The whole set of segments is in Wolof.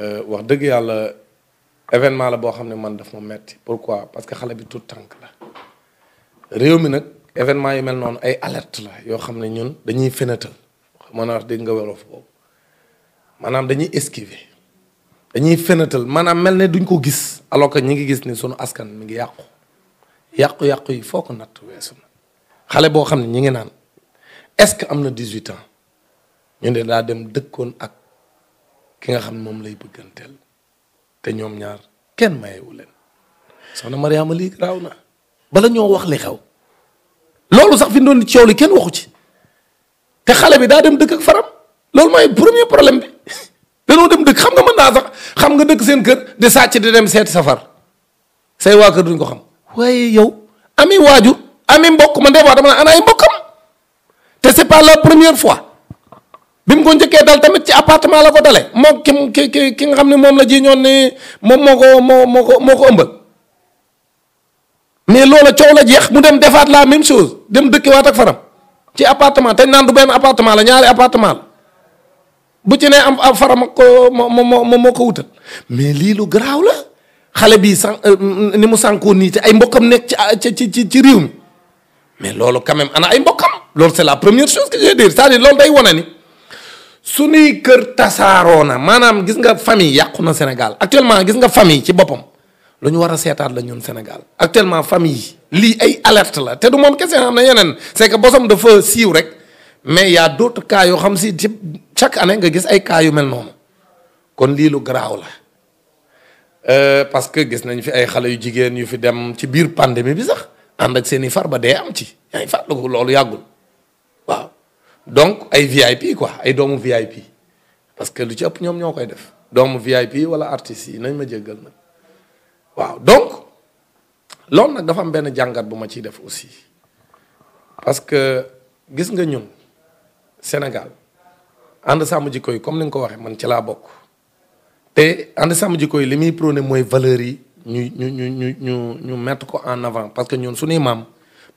Euh, wax dëgg yàlla événement la boo xam ne man daf ma metti pourquoi parce que xale bi tout tànk la réew mi nag événement yu mel noonu ay alerte la yoo xam ne ñun dañuy fenatal mën a dégg nga wolof boobu maanaam dañuy esquiver dañuy fenatal maanaam mel ne duñ ko gis alors que ñi ngi gis ni sunu askan mi ngi yàqu yàqu-yàqu yi foo ko natt weesu na xale boo xam ne ñi ngi naan est-ce que am na 18 ans ñu ne daa dem dëkkoon ak ki nga xam ne moom lay bëgganteel te ñoom ñaar kenn mayewu leen soxna Mariama lii raaw na bala ñoo wax li xew loolu sax fi doon yow li kenn waxu ci te xale bi daa dem dëkk ak faram loolu mooy premier problème bi danoo dem dëkk xam nga mën naa sax xam nga dëkk seen kër di sàcc di dem seet safar say waa kër duñ ko xam waaye yow ami waajur ami mbokk man des fois dama ne ana ay mbokkam te c'est pas la première fois bi mu ko njëkkee dal tamit ci appartement la ko dale moo ki ki ki nga xam ne moom la ji ñoon ni moom moo ko moo moo ko moo ko ëmb mais loola coow la jeex mu dem defaat laa même chose dem dëkkiwaat ak faram ci appartement te naan du benn appartement la ñaari appartement la bu ci ne am am faram ak ko moo moo ko wutal mais lii lu garaaw la xale bi san euh, ni mu sànkoo nii te ay mbokkam nekk ci ci ci ci réew mi mais loolu quand même ana ay mbokkam loolu c'est la première chose que je veux dire cest à suñuy kër tasaaroo na maanaam gis nga famille yàqu na Sénégal actuellement gis nga famille ci boppam lu ñu war a seetaat la ñun Sénégal actuellement famille yi lii ay alerte la te du moom kese xam na yeneen c'est que bosom dafa siiw rek mais yaa a d'autres yoo xam si ci chaque année nga gis ay cas yu mel noonu kon lii lu garaaw la euh, parce que gis nañ fi ay xale yu jigéen yu fi dem ci biir pandémie bi sax ànd ak seeni far ba dee am ci yaa ngi fàttaliku loolu yàggul donc ay VIP quoi ay doomu VIP parce que lu ci ëpp ñoom ñoo koy def doomu VIP wala artistes yi nañ ma jéggal nag waaw donc loolu nag dafa am benn jàngat bu ma ciy def aussi parce que gis nga ñun Sénégal ànd sàmm jikko yi comme ni nga ko waxee man ci laa bokk te ànd sàmm jikko yi li muy prôné mooy valeurs yi ñu ñu ñu ñu ñu ñu mettre ko en avant parce que ñun suñuy maam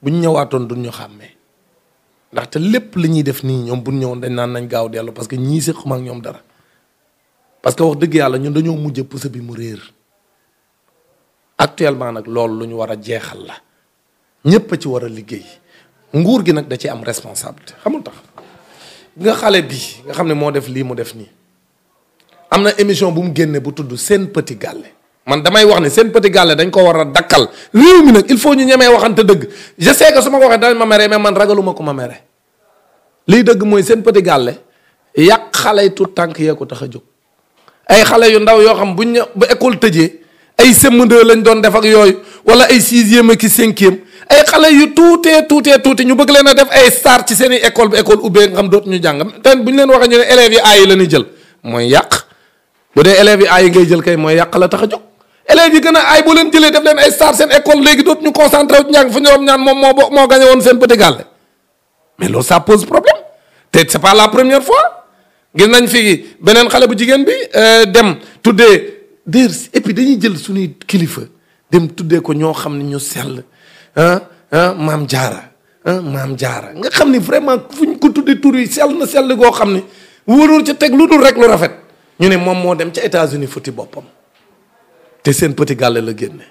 bu ñu ñëwaatoon duñ ñu xàmmee. ndaxte lépp li ñuy def nii ñoom bu ñëwoon dañ naan nañ gaaw dellu parce que ñii séquma ak ñoom dara parce que wax dëgg yàlla ñun dañoo mujjee puso bi mu réer actuellement nag loolu lu ñu war a jeexal la ñëpp a ci war a liggéey nguur gi nag da ci am responsabilité xamul tax nga xale bi nga xam ne moo def lii mu def nii am na émission bu mu génnee bu tudd seen petit gàlle man damay wax ne seen petit gàlle dañ koo war a dakkal lii mi nag il faut ñu ñemee waxante dëgg je sais que su ma ko waxee dañ ma mere mais man ragaluma ko ma mere liy dëgg mooy seen petit gàlle yàq xale yi tuut tànk yee ko tax a jóg ay xale yu ndaw yoo xam buñ ñë bu école tëjee ay CM2 lañ doon def ak yooyu wala ay sixième ak cinquième ay xale yu tuutee tuutee tuuti ñu bëgg leen def ay star ci seen école bi école ubbee nga xam dootuñu jàng te bu ñu leen waxee ñu ne élèves yi aay la ñuy jël mooy yàq bu dee élèves yi ngay jël kay mooy yàq la tax a jóg. élèves yi gën a ay boo leen jëlee def leen ay star seen école léegi dootuñu ñu wu ci njàng fa ñoroon ñaan moom moo moo gagné woon seen petit gàlle mais loolu ça pose problème te c'est pas la première fois gis nañ fi beneen xale bu jigéen bi euh, dem tuddee déer et puis dañuy jël suñuy kilifa dem tuddee ko ñoo xam ne ñu sell maam jaara ah maam jaara nga xam ni vraiment fu ñu ko tuddee tur yi sell na sell goo xam ne wóorul ci teg lu dul rek lu rafet ñu ne moom moo dem ca États-Unis futti boppam te seen petit gàlle la génne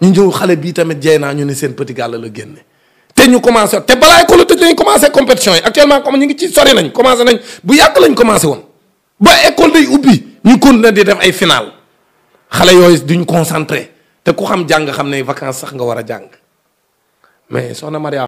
ñu ñëw xale bii tamit jey naa ñu ne seen petit gàlle la génne te ñu commencer te balaa ko la tëj lañ commencé compétition yi actuellement comme ñu ngi ci sori nañ commencé nañ bu yàgg lañ commencé woon ba école day ubbi ñu continuer di def ay final xale yooyu duñ concentré te ku xam jàng xam ne vacances sax nga war a jàng mais soxna Maria